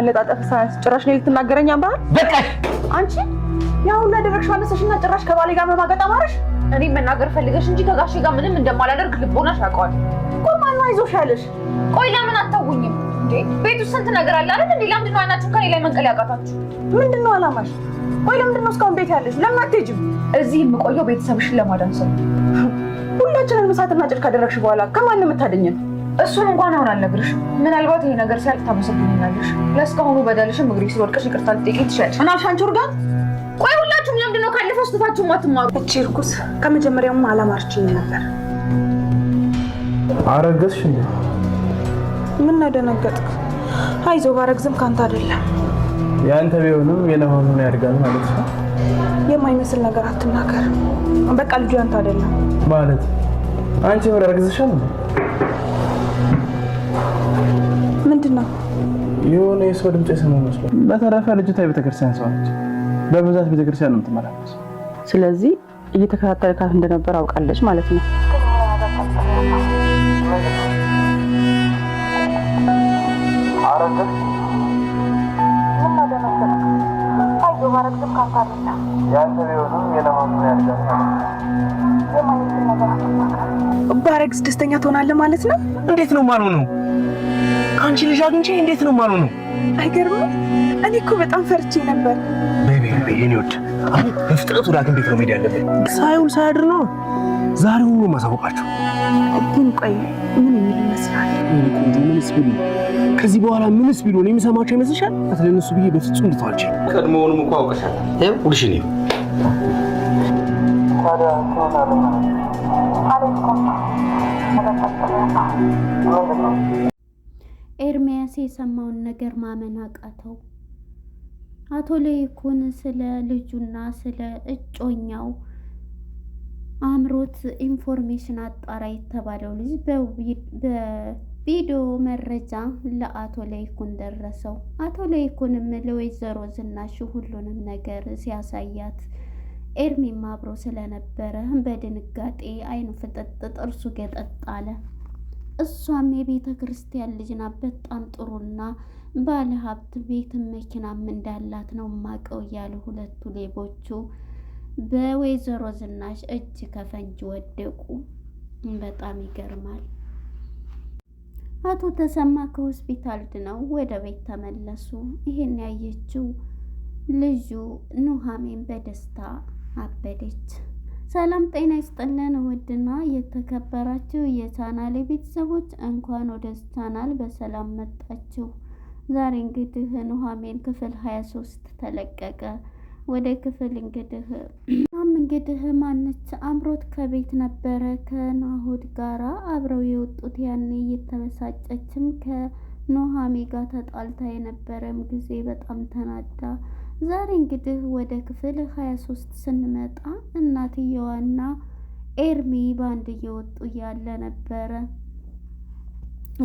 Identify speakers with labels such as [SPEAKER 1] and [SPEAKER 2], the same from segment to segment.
[SPEAKER 1] መለጣጠፍ ሳያንስ ጭራሽ ነው ልትናገረኝ አንባል። በቃሽ አንቺ ያው ሁሉ ያደረግሽው አነሰሽና ጭራሽ ከባሌ ጋር መማገጥ አማረሽ።
[SPEAKER 2] እኔ መናገር ፈልገሽ እንጂ ከጋሼ ጋር ምንም እንደማላደርግ ልቦናሽ ያውቀዋል።
[SPEAKER 1] ቆይ ማነው አይዞሽ ያለሽ?
[SPEAKER 2] ቆይ ለምን አታውኝም እንዴ? ቤት ውስጥ ስንት ነገር አለ አይደል እንዴ? ለምንድን ነው አይናችሁ ከኔ ላይ መንቀል ያቃታችሁ?
[SPEAKER 1] ምንድን ነው አላማሽ? ቆይ ለምንድን ነው እስካሁን ቤት ያለሽ? ለምን አትሄጂም?
[SPEAKER 2] እዚህ የምቆየው ቤተሰብሽን ለማዳን ሰው።
[SPEAKER 1] ሁላችንን ምሳትና ጭድ ካደረግሽ በኋላ ከማን ነው የምታደኘን?
[SPEAKER 2] እሱን እንኳን አሁን አልነግርሽ። ምናልባት ይሄ ነገር ሲያልቅ ታመሰግኛለሽ። ለእስካሁኑ በደልሽም እግሬ ስለወድቀሽ ይቅርታ ልጠይቅ ትችያለሽ።
[SPEAKER 1] ምናልሻንች እርጋት ቆይ፣ ሁላችሁም ለምንድን ነው ካለፈው ስህተታችሁ ማትማሩ?
[SPEAKER 2] እቺ እርኩስ ከመጀመሪያውም አላማርችኝ ነበር።
[SPEAKER 3] አረገዝሽ እንዴ?
[SPEAKER 2] ምን ደነገጥክ? አይዞ፣ ባረግዝም ካንተ አይደለም።
[SPEAKER 3] የአንተ ቢሆንም የናሆን ያድጋል ማለት ነው።
[SPEAKER 2] የማይመስል ነገር አትናገር። በቃ ልጁ ያንተ አይደለም
[SPEAKER 3] ማለት አንቺ ሆነ አረግዝሻል ምንድን ነው? የሆነ የሰው ድምፅ የሰማ መስሏል። በተረፈ ልጅቷ የቤተክርስቲያን ሰው ነች። በብዛት ቤተክርስቲያን ነው የምትመላለስ።
[SPEAKER 2] ስለዚህ እየተከታተልካት እንደነበር አውቃለች ማለት ነው።
[SPEAKER 1] ባረግዝ ደስተኛ ትሆናለህ ማለት ነው።
[SPEAKER 4] እንዴት ነው ማኑ ነው ከአንቺ ልጅ አግኝቼ እንዴት ነው ማሉ ነው?
[SPEAKER 2] አይገርምም? እኔ እኮ በጣም ፈርቼ ነበር።
[SPEAKER 4] በቤ የኔ ወድ አሁን በፍጥነት ወደ ሐኪም ቤት ነው መሄድ ያለብን። ሳይውል ሳያድር ነው ዛሬው ነው ማሳወቃቸው።
[SPEAKER 2] ግን ቆይ ምን የሚል ይመስላል?
[SPEAKER 4] ምንስ ቢሉ ከዚህ በኋላ ምንስ ቢሉ ነው የሚሰማቸው ይመስልሻል? ለእነሱ ብዬ በፍጹም ልተዋቸው። ቀድሞውንም እኮ አውቀሻል። ይኸው ሁልሽ ነው
[SPEAKER 5] ታዲያ ኤርሚያስ የሰማውን ነገር ማመን አቃተው። አቶ ለይኩን ስለ ልጁና ስለ እጮኛው አምሮት ኢንፎርሜሽን አጣራ የተባለው ልጅ በቪዲዮ መረጃ ለአቶ ለይኩን ደረሰው። አቶ ለይኩንም ለወይዘሮ ዝናሽ ሁሉንም ነገር ሲያሳያት ኤርሚም አብሮ ስለነበረ በድንጋጤ አይኑ ፍጥጥ ጥርሱ ገጠጥ አለ። እሷም የቤተ ክርስቲያን ልጅ ናት። በጣም ጥሩና ባለ ሀብት ቤትም መኪናም እንዳላት ነው ማቀው እያሉ ሁለቱ ሌቦቹ በወይዘሮ ዝናሽ እጅ ከፈንጅ ወደቁ። በጣም ይገርማል። አቶ ተሰማ ከሆስፒታል ድነው ወደ ቤት ተመለሱ። ይሄን ያየችው ልጁ ኑሃሜን በደስታ አበደች። ሰላም ጤና ይስጥልን። ውድና የተከበራችሁ የቻናል ቤተሰቦች እንኳን ወደ ቻናል በሰላም መጣችሁ። ዛሬ እንግዲህ ኑሐሚን ክፍል 23 ተለቀቀ። ወደ ክፍል እንግዲህ ም እንግዲህ ማነች አምሮት ከቤት ነበረ ከናሁድ ጋራ አብረው የወጡት ያኔ እየተበሳጨችም ከኑሐሚ ጋር ተጣልታ የነበረም ጊዜ በጣም ተናዳ ዛሬ እንግዲህ ወደ ክፍል 23 ስንመጣ እናትየዋና ኤርሚ ባንድ እየወጡ እያለ ነበረ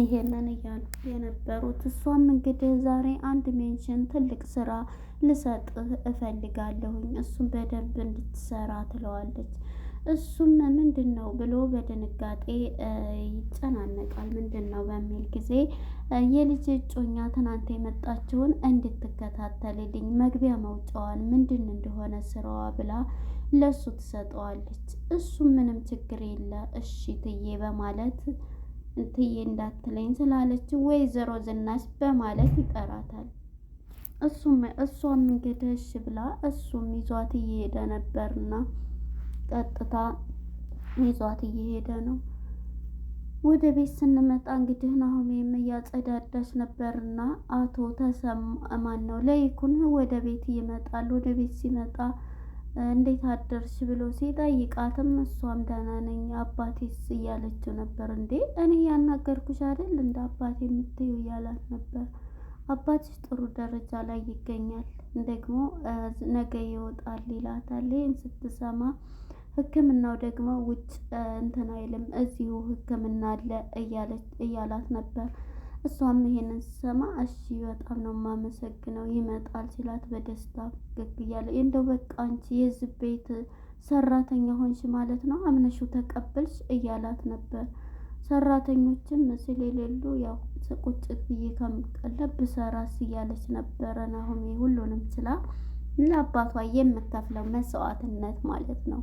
[SPEAKER 5] ይሄንን እያሉ የነበሩት። እሷም እንግዲህ ዛሬ አንድ ሜንሽን ትልቅ ስራ ልሰጥህ እፈልጋለሁኝ እሱም በደንብ እንድትሰራ ትለዋለች። እሱም ምንድን ነው ብሎ በድንጋጤ ይጨናነቃል። ምንድን ነው በሚል ጊዜ የልጅ እጮኛ ትናንት የመጣችውን እንድትከታተልልኝ መግቢያ መውጫዋን ምንድን እንደሆነ ስራዋ ብላ ለሱ ትሰጠዋለች። እሱም ምንም ችግር የለ እሺ ትዬ በማለት ትዬ እንዳትለኝ ስላለች ወይዘሮ ዝናሽ በማለት ይጠራታል። እሱም እሷም እንግዲህ እሺ ብላ እሱም ይዟት እየሄደ ነበርና ቀጥታ ይዟት እየሄደ ነው። ወደ ቤት ስንመጣ እንግዲህ ናሆሜም እያጸዳዳች ነበርና አቶ ተሰማ ማን ነው ለይኩን ወደ ቤት ይመጣል። ወደ ቤት ሲመጣ እንዴት አደርሽ ብሎ ሲጠይቃትም እሷም ደህና ነኝ አባቴስ እያለችው ነበር። እንዴ እኔ ያናገርኩሽ አይደል እንደ አባቴ የምትዩ እያላት ነበር። አባትሽ ጥሩ ደረጃ ላይ ይገኛል፣ ደግሞ ነገ ይወጣል ይላታል። ይህን ስትሰማ ህክምናው ደግሞ ውጭ እንትን አይልም እዚሁ ህክምና አለ እያላት ነበር። እሷም ይሄንን ስሰማ እሺ በጣም ነው የማመሰግነው ይመጣል ሲላት በደስታ ፈገግ እያለ እንደው በቃ አንቺ የዚህ ቤት ሰራተኛ ሆንሽ ማለት ነው አምነሽው ተቀበልሽ እያላት ነበር። ሰራተኞችም ስል የሌሉ ያው ቁጭት ብዬ ከምቀለብ ብሰራስ እያለች ነበረ። ናሆሜ ሁሉንም ችላ ለአባቷ የምከፍለው መስዋዕትነት ማለት ነው።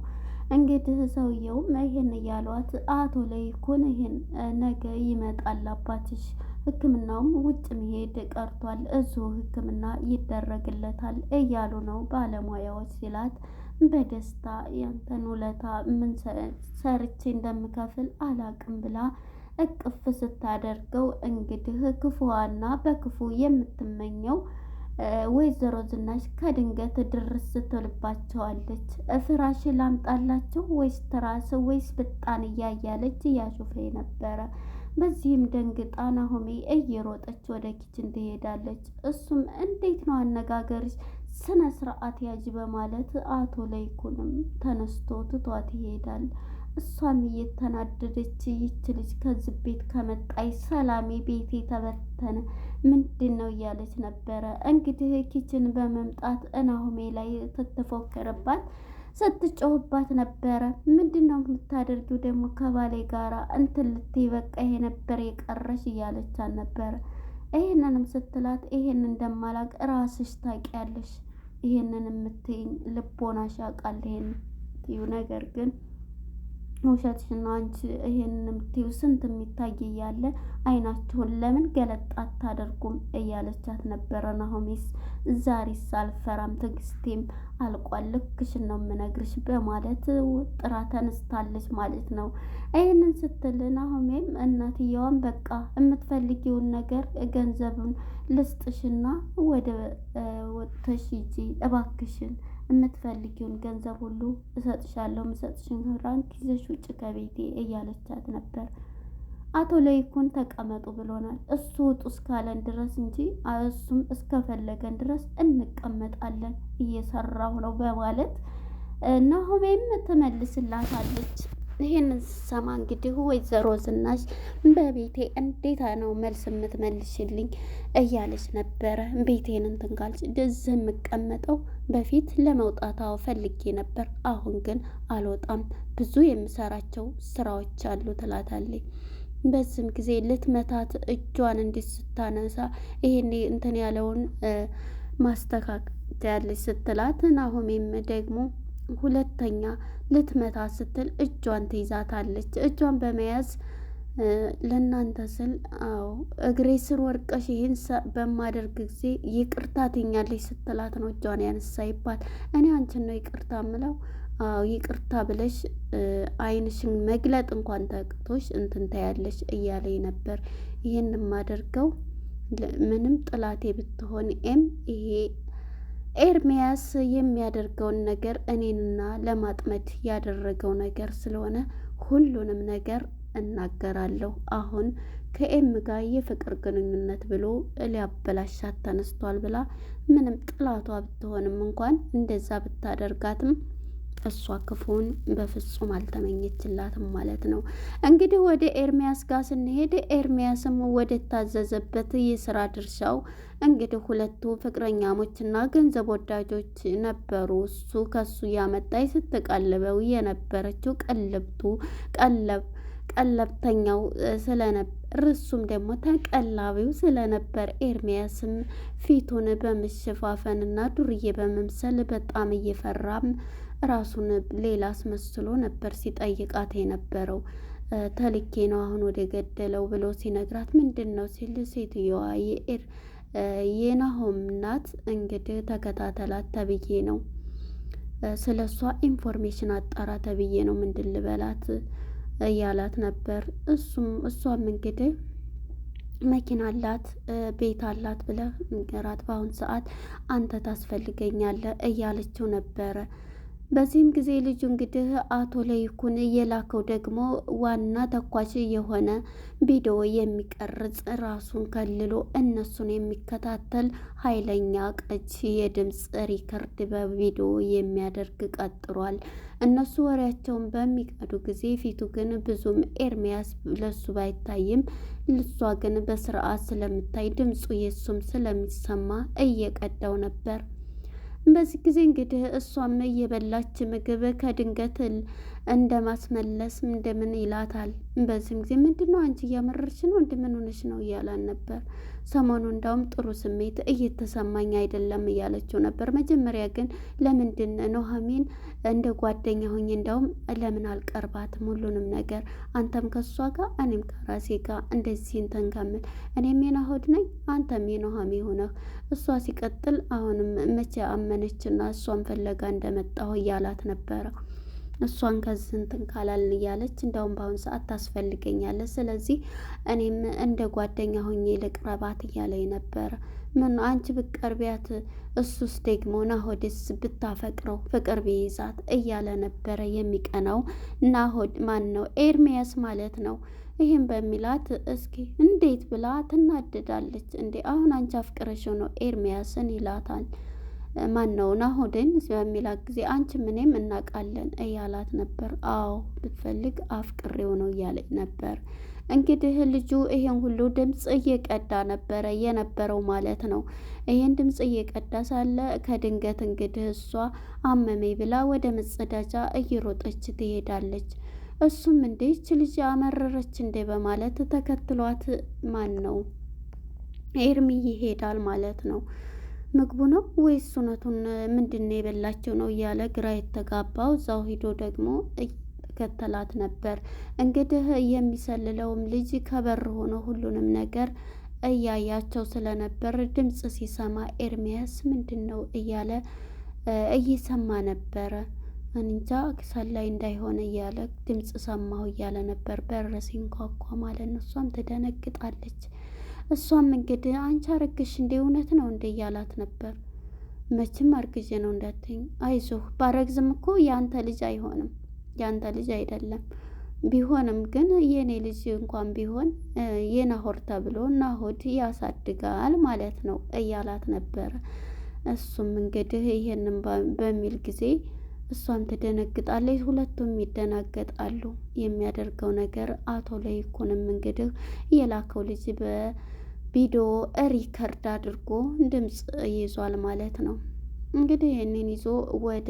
[SPEAKER 5] እንግዲህ ሰውየውም ይሄን እያሏት አቶ ለይኩን ይሄን ነገ ይመጣል አባትሽ ሕክምናውም ውጭ መሄድ ቀርቷል እዙ ሕክምና ይደረግለታል እያሉ ነው ባለሙያዎች ሲላት፣ በደስታ ያንተን ውለታ ምን ሰርቼ እንደምከፍል አላቅም ብላ እቅፍ ስታደርገው እንግዲህ ክፉዋና በክፉ የምትመኘው ወይዘሮ ዝናሽ ከድንገት ድርስ ስትልባቸዋለች። ፍራሽ ላምጣላቸው ወይስ ትራስ ወይስ ብጣን እያያለች እያሹፌ ነበረ። በዚህም ደንግጣ ናሆሜ እየሮጠች ወደ ኪችን ትሄዳለች። እሱም እንዴት ነው አነጋገርሽ፣ ስነ ስርዓት ያዥ በማለት አቶ ለይኩንም ተነስቶ ትቷት ይሄዳል። እሷም እየተናደደች ይች ልጅ ከዚህ ቤት ከመጣይ ሰላሜ ቤቴ ተበተነ ምንድን ነው እያለች ነበረ። እንግዲህ ኪችን በመምጣት እናሆሜ ላይ ስትፎክርባት ስትጮህባት ነበረ። ምንድን ነው የምታደርጊው ደግሞ ከባሌ ጋር እንትን ልትይ በቃ ይሄ ነበር የቀረሽ እያለች ነበረ። ይህንንም ስትላት ይሄን እንደማላቅ ራስሽ ታውቂያለሽ፣ ይሄንን የምትይኝ ልቦናሽ ያውቃል ይሄን ነገር ግን ውሸትሽን ነው አንቺ ይሄንን የምትይው ስንት የሚታይ እያለ አይናችሁን ለምን ገለጥ አታደርጉም እያለቻት ነበረ ናሆሜስ ዛሬስ አልፈራም ትዕግስቴም አልቋል ልክሽን ነው የምነግርሽ በማለት ጥራ ተነስታለች ማለት ነው ይህንን ስትል ናሆሜም እናትየዋን በቃ የምትፈልጊውን ነገር ገንዘብን ልስጥሽና ወደ ወጥተሽ ሂጂ እባክሽን የምትፈልጊውን ገንዘብ ሁሉ እሰጥሻለሁ፣ ምሰጥሽን ራንክ ይዘሽ ውጭ ከቤቴ እያለቻት ነበር። አቶ ለይኩን ተቀመጡ ብሎናል። እሱ ውጡ እስካለን ድረስ እንጂ እሱም እስከፈለገን ድረስ እንቀመጣለን እየሰራሁ ነው በማለት ናሆሜም ትመልስላታለች። ይህንን ሰማ እንግዲህ ወይዘሮ ዝናሽ በቤቴ እንዴት ነው መልስ የምትመልሽልኝ እያለች ነበረ። ቤቴን እንትን ካልሽ እዚህ የምቀመጠው በፊት ለመውጣት ፈልጌ ነበር፣ አሁን ግን አልወጣም፣ ብዙ የምሰራቸው ስራዎች አሉ ትላታለች። በዚህም ጊዜ ልትመታት እጇን እንዲህ ስታነሳ ይሄን እንትን ያለውን ማስተካከል ያለች ስትላት ናሆሜም ደግሞ ሁለተኛ ልትመታ ስትል እጇን ትይዛታለች። እጇን በመያዝ ለእናንተ ስል አዎ እግሬ ስር ወርቀሽ ይህን በማደርግ ጊዜ ይቅርታ ትኛለች ስትላት ነው እጇን ያነሳ ይባል። እኔ አንቺን ነው ይቅርታ ምለው አዎ ይቅርታ ብለሽ አይንሽን መግለጥ እንኳን ተቅቶሽ እንትን ታያለሽ እያለኝ ነበር። ይህን የማደርገው ምንም ጥላቴ ብትሆን ኤም ይሄ ኤርሚያስ የሚያደርገውን ነገር እኔንና ለማጥመድ ያደረገው ነገር ስለሆነ ሁሉንም ነገር እናገራለሁ። አሁን ከኤም ጋር የፍቅር ግንኙነት ብሎ ሊያበላሻት ተነስቷል ብላ ምንም ጥላቷ ብትሆንም እንኳን እንደዛ ብታደርጋትም እሷ ክፉን በፍጹም አልተመኘችላትም ማለት ነው። እንግዲህ ወደ ኤርሚያስ ጋር ስንሄድ ኤርሚያስም ወደ ታዘዘበት የስራ ድርሻው እንግዲህ ሁለቱ ፍቅረኛሞች ፍቅረኛሞችና ገንዘብ ወዳጆች ነበሩ። እሱ ከሱ ያመጣይ ስትቀልበው የነበረችው ቀለብቱ ቀለብ ቀለብተኛው ስለነበር እሱም ደግሞ ተቀላቢው ስለነበር ኤርሚያስም ፊቱን በመሸፋፈንና ዱርዬ በመምሰል በጣም እየፈራም ራሱን ሌላ አስመስሎ ነበር ሲጠይቃት የነበረው። ተልኬ ነው አሁን ወደ ገደለው ብሎ ሲነግራት ምንድን ነው ሲል ሴትየዋ የኤር የናሆም ናት እንግዲህ ተከታተላት ተብዬ ነው ስለ እሷ ኢንፎርሜሽን አጣራ ተብዬ ነው ምንድን ልበላት እያላት ነበር። እሱም እሷም እንግዲህ መኪና አላት ቤት አላት ብለህ ንገራት፣ በአሁን ሰዓት አንተ ታስፈልገኛለህ እያለችው ነበረ። በዚህም ጊዜ ልጁ እንግዲህ አቶ ለይኩን የላከው ደግሞ ዋና ተኳሽ የሆነ ቪዲዮ የሚቀርጽ ራሱን ከልሎ እነሱን የሚከታተል ኃይለኛ ቀች የድምፅ ሪከርድ በቪዲዮ የሚያደርግ ቀጥሯል። እነሱ ወሬያቸውን በሚቀዱ ጊዜ ፊቱ ግን ብዙም ኤርሚያስ ለሱ ባይታይም ልሷ ግን በስርዓት ስለምታይ ድምፁ የሱም ስለሚሰማ እየቀዳው ነበር። በዚህ ጊዜ እንግዲህ እሷም እየበላች ምግብ ከድንገት እንደ ማስመለስ እንደምን ይላታል። በዚህም ጊዜ ምንድን ነው አንቺ እያመረች ነው እንደምን ሆነች ነው እያላን ነበር። ሰሞኑ እንዳውም ጥሩ ስሜት እየተሰማኝ አይደለም እያለችው ነበር። መጀመሪያ ግን ለምንድን ኑሐሚን እንደ ጓደኛ ሆኜ እንዳውም ለምን አልቀርባት ሁሉንም ነገር አንተም ከሷ ጋር እኔም ከራሴ ጋር እንደዚህ እንትን ከምል እኔም የናሆድ ነኝ አንተም የኑሐሚ ሆነህ እሷ ሲቀጥል አሁንም መቼ አመነችና እሷን ፈለጋ እንደመጣሁ እያላት ነበረ። እሷን ከዚህ እንትን ካላልን እያለች እንደውም በአሁኑ ሰዓት ታስፈልገኛለች። ስለዚህ እኔም እንደ ጓደኛ ሆኜ ልቅረባት እያለኝ ነበር። ምን አንቺ ብትቀርቢያት፣ እሱስ ደግሞ ናሆድስ ብታፈቅረው ፍቅር ቢይዛት እያለ ነበረ የሚቀናው ናሆድ ማን ነው ኤርሚያስ ማለት ነው። ይህም በሚላት እስኪ እንዴት ብላ ትናደዳለች። እንዴ አሁን አንቺ አፍቅረሽው ነው ኤርሚያስን ይላታል። ማን ነው ናሆድን በሚላት ጊዜ አንቺ ምንም እናውቃለን እያላት ነበር። አዎ ብትፈልግ አፍቅሬው ነው እያለኝ ነበር። እንግዲህ ልጁ ይሄን ሁሉ ድምፅ እየቀዳ ነበረ የነበረው ማለት ነው። ይሄን ድምፅ እየቀዳ ሳለ ከድንገት እንግዲህ እሷ አመሜ ብላ ወደ መጸዳጃ እየሮጠች ትሄዳለች። እሱም እንዴ ይች ልጅ አመረረች እንዴ በማለት ተከትሏት ማን ነው ኤርሚ ይሄዳል ማለት ነው። ምግቡ ነው ወይስ እውነቱን ምንድን ነው የበላቸው ነው እያለ ግራ የተጋባው እዛው ሂዶ ደግሞ ከተላት ነበር። እንግዲህ የሚሰልለውም ልጅ ከበር ሆኖ ሁሉንም ነገር እያያቸው ስለነበር ድምፅ ሲሰማ ኤርሚያስ ምንድን ነው እያለ እየሰማ ነበረ። እንጃ ሰላይ እንዳይሆነ እያለ ድምፅ ሰማሁ እያለ ነበር በር ሲንኳኳ ማለት ነው። እሷም ትደነግጣለች። እሷም እንግዲህ አንቺ አረግሽ እንዴ እውነት ነው እንዴ እያላት ነበር። መቼም አርግዤ ነው እንዳትኝ፣ አይዞህ ባረግዝም እኮ የአንተ ልጅ አይሆንም፣ የአንተ ልጅ አይደለም። ቢሆንም ግን የእኔ ልጅ እንኳን ቢሆን የናሆር ተብሎ ናሆድ ያሳድጋል ማለት ነው እያላት ነበረ። እሱም እንግዲህ ይሄንን በሚል ጊዜ እሷም ትደነግጣለች፣ ሁለቱም ይደናገጣሉ። የሚያደርገው ነገር አቶ ለይኩንም እንግዲህ የላከው ልጅ በ ቪዲዮ ሪከርድ አድርጎ ድምፅ ይዟል ማለት ነው። እንግዲህ ይህንን ይዞ ወደ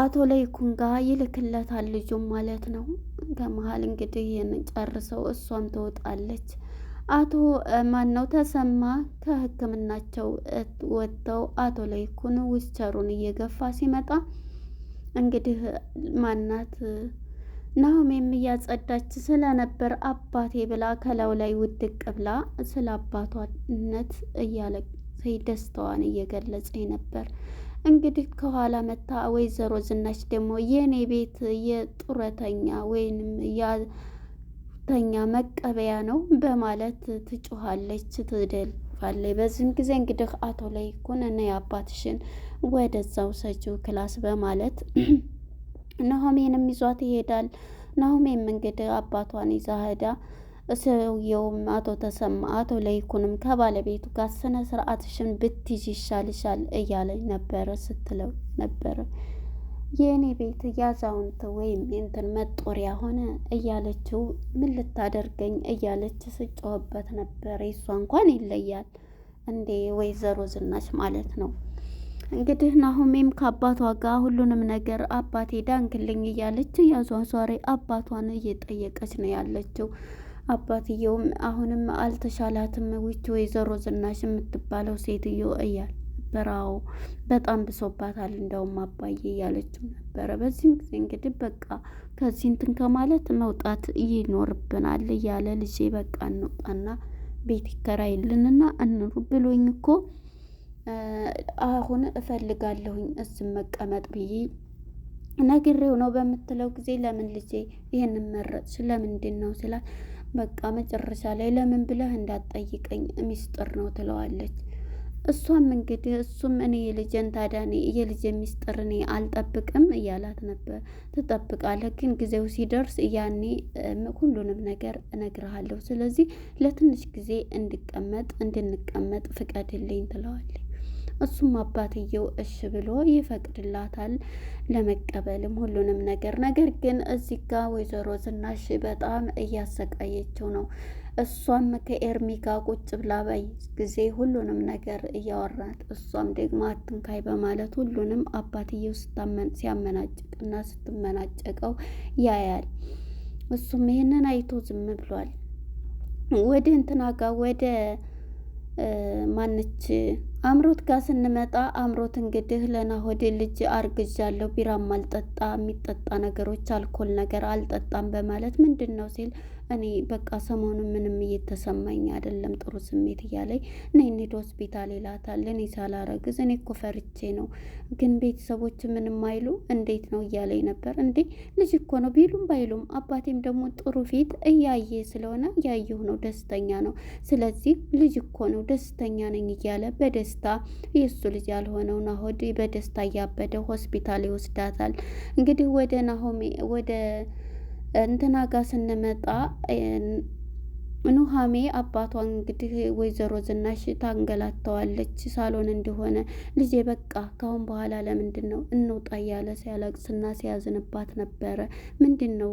[SPEAKER 5] አቶ ለይኩን ጋር ይልክለታል ልጁም ማለት ነው። ከመሀል እንግዲህ ይህንን ጨርሰው እሷም ትወጣለች። አቶ ማን ነው ተሰማ ከህክምናቸው ወጥተው አቶ ለይኩን ዊልቸሩን እየገፋ ሲመጣ እንግዲህ ማናት ናሆሜም እያጸዳች ስለነበር አባቴ ብላ ከላው ላይ ውድቅ ብላ ስለ አባቷነት እያለቅሰኝ ደስታዋን እየገለጸ ነበር። እንግዲህ ከኋላ መታ ወይዘሮ ዝናች ደግሞ የእኔ ቤት የጡረተኛ ወይንም ያተኛ መቀበያ ነው በማለት ትጮኋለች፣ ትደልፋለች። በዚህም ጊዜ እንግዲህ አቶ ላይ ኩን እና የአባትሽን ወደዛው ሰጪው ክላስ በማለት ናሆሜንም ይዟት ይሄዳል። ናሆሜም እንግዲህ አባቷን ይዛ ሄዳ ሰውየውም አቶ ተሰማ አቶ ለይኩንም ከባለቤቱ ጋር ስነ ስርዓትሽን ብትይዥ ይሻልሻል እያለኝ ነበረ ስትለው ነበረ። የእኔ ቤት ያዛውንት ወይም እንትን መጦሪያ ሆነ እያለችው ምን ልታደርገኝ እያለች ስጮህበት ነበር። የሷ እንኳን ይለያል እንዴ ወይዘሮ ዝናሽ ማለት ነው። እንግዲህ ናሆሜም ከአባቷ ጋር ሁሉንም ነገር አባቴ ዳንክልኝ እያለች ያዟዟሪ አባቷን እየጠየቀች ነው ያለችው። አባትየውም አሁንም አልተሻላትም ውች ወይዘሮ ዝናሽ የምትባለው ሴትዮ እያል በራው በጣም ብሶባታል። እንደውም አባዬ እያለችው ነበረ። በዚህም ጊዜ እንግዲህ በቃ ከዚህ እንትን ከማለት መውጣት ይኖርብናል እያለ ልጄ በቃ እንውጣና ቤት ይከራይልንና እንሩ ብሎኝ እኮ አሁን እፈልጋለሁኝ እሱም መቀመጥ ብዬ ነግሬው ነው በምትለው ጊዜ ለምን ልጄ ይህንን መረጥሽ ለምንድን ነው ስላት፣ በቃ መጨረሻ ላይ ለምን ብለህ እንዳትጠይቀኝ ሚስጥር ነው ትለዋለች። እሷም እንግዲህ እሱም እኔ የልጄን ታዲያ እኔ የልጄን ሚስጥር እኔ አልጠብቅም እያላት ነበር። ትጠብቃለህ፣ ግን ጊዜው ሲደርስ ያኔ ሁሉንም ነገር እነግርሃለሁ። ስለዚህ ለትንሽ ጊዜ እንድቀመጥ እንድንቀመጥ ፍቀድልኝ ትለዋለች። እሱም አባትየው እሽ ብሎ ይፈቅድላታል ለመቀበልም ሁሉንም ነገር። ነገር ግን እዚህ ጋ ወይዘሮ ዝናሽ በጣም እያሰቃየችው ነው። እሷም ከኤርሚ ጋር ቁጭ ብላ ባይ ጊዜ ሁሉንም ነገር እያወራት እሷም ደግሞ አትንካይ በማለት ሁሉንም አባትየው ሲያመናጭቅና ስትመናጨቀው ያያል። እሱም ይህንን አይቶ ዝም ብሏል። ወደ እንትና ጋር ወደ ማነች አምሮት ጋር ስንመጣ አምሮት እንግዲህ ለናሆድ ልጅ አርግዣለሁ፣ ቢራም አልጠጣ የሚጠጣ ነገሮች አልኮል ነገር አልጠጣም በማለት ምንድን ነው ሲል እኔ በቃ ሰሞኑን ምንም እየተሰማኝ አይደለም ጥሩ ስሜት እያለኝ ነይ እንሂድ ሆስፒታል ይላታል። እኔ ሳላረግዝ እኔ እኮ ፈርቼ ነው፣ ግን ቤተሰቦች ምንም አይሉ እንዴት ነው እያለኝ ነበር። እንዴ ልጅ እኮ ነው ቢሉም ባይሉም፣ አባቴም ደግሞ ጥሩ ፊት እያየ ስለሆነ ያየሁ ነው፣ ደስተኛ ነው። ስለዚህ ልጅ እኮ ነው ደስተኛ ነኝ እያለ በደስታ የእሱ ልጅ ያልሆነው ናሆድ በደስታ እያበደ ሆስፒታል ይወስዳታል። እንግዲህ ወደ ናሆሜ ወደ እንትና ጋር ስንመጣ ኑሃሜ አባቷ እንግዲህ ወይዘሮ ዝናሽ ታንገላተዋለች። ሳሎን እንደሆነ ልጄ በቃ ካሁን በኋላ ለምንድን ነው እንውጣ እያለ ሲያለቅስና ሲያዝንባት ነበረ። ምንድን ነው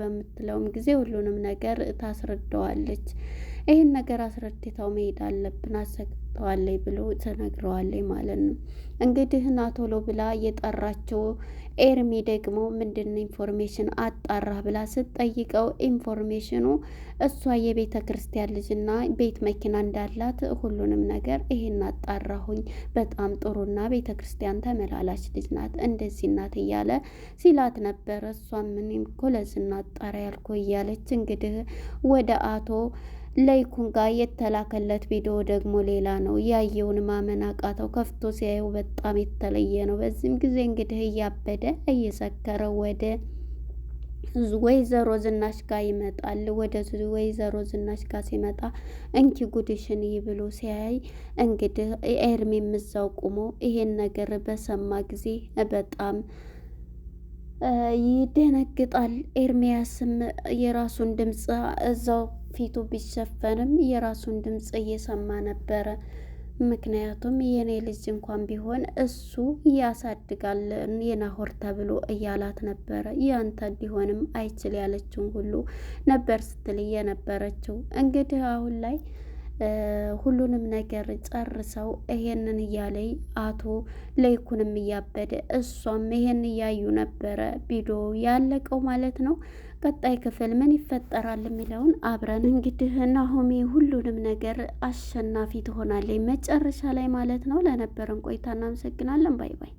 [SPEAKER 5] በምትለውም ጊዜ ሁሉንም ነገር ታስረዳዋለች። ይህን ነገር አስረድተው መሄድ አለብን አሰግተዋለይ ብሎ ተነግረዋለይ ማለት ነው። እንግዲህ ና ብላ የጠራቸው ኤርሚ ደግሞ ምንድን ኢንፎርሜሽን አጣራ ብላ ስትጠይቀው ኢንፎርሜሽኑ እሷ የቤተ ክርስቲያን ልጅና ቤት መኪና እንዳላት ሁሉንም ነገር ይሄን አጣራሁኝ፣ በጣም ጥሩና ቤተ ክርስቲያን ተመላላች ልጅ ናት እንደዚህ ናት እያለ ሲላት ነበር። እሷ ምንም ኮለዝ እናጣራ ያልኩ እያለች እንግዲህ ወደ አቶ ለይኩን ጋር የተላከለት ቪዲዮ ደግሞ ሌላ ነው። ያየውን ማመን አቃተው። ከፍቶ ሲያየው በጣም የተለየ ነው። በዚህም ጊዜ እንግዲህ እያበደ እየሰከረ ወደ ወይዘሮ ዝናሽ ጋር ይመጣል። ወደ ወይዘሮ ዝናሽ ጋር ሲመጣ እንኪ ጉድሽን ብሎ ሲያይ እንግዲህ ኤርሚ የምዛው ቁሞ ይሄን ነገር በሰማ ጊዜ በጣም ይደነግጣል። ኤርሚያስም የራሱን ድምፅ እዛው ፊቱ ቢሸፈንም የራሱን ድምፅ እየሰማ ነበረ። ምክንያቱም የኔ ልጅ እንኳን ቢሆን እሱ ያሳድጋል የናሆር ተብሎ እያላት ነበረ። ያንተ ቢሆንም አይችል ያለችውን ሁሉ ነበር ስትል የነበረችው። እንግዲህ አሁን ላይ ሁሉንም ነገር ጨርሰው ይሄንን እያለይ አቶ ለይኩንም እያበደ እሷም ይሄን እያዩ ነበረ። ቪዲዮ ያለቀው ማለት ነው። ቀጣይ ክፍል ምን ይፈጠራል የሚለውን አብረን እንግዲህ ናሆሜ ሁሉንም ነገር አሸናፊ ትሆናለች መጨረሻ ላይ ማለት ነው። ለነበረን ቆይታ እናመሰግናለን። ባይ ባይ።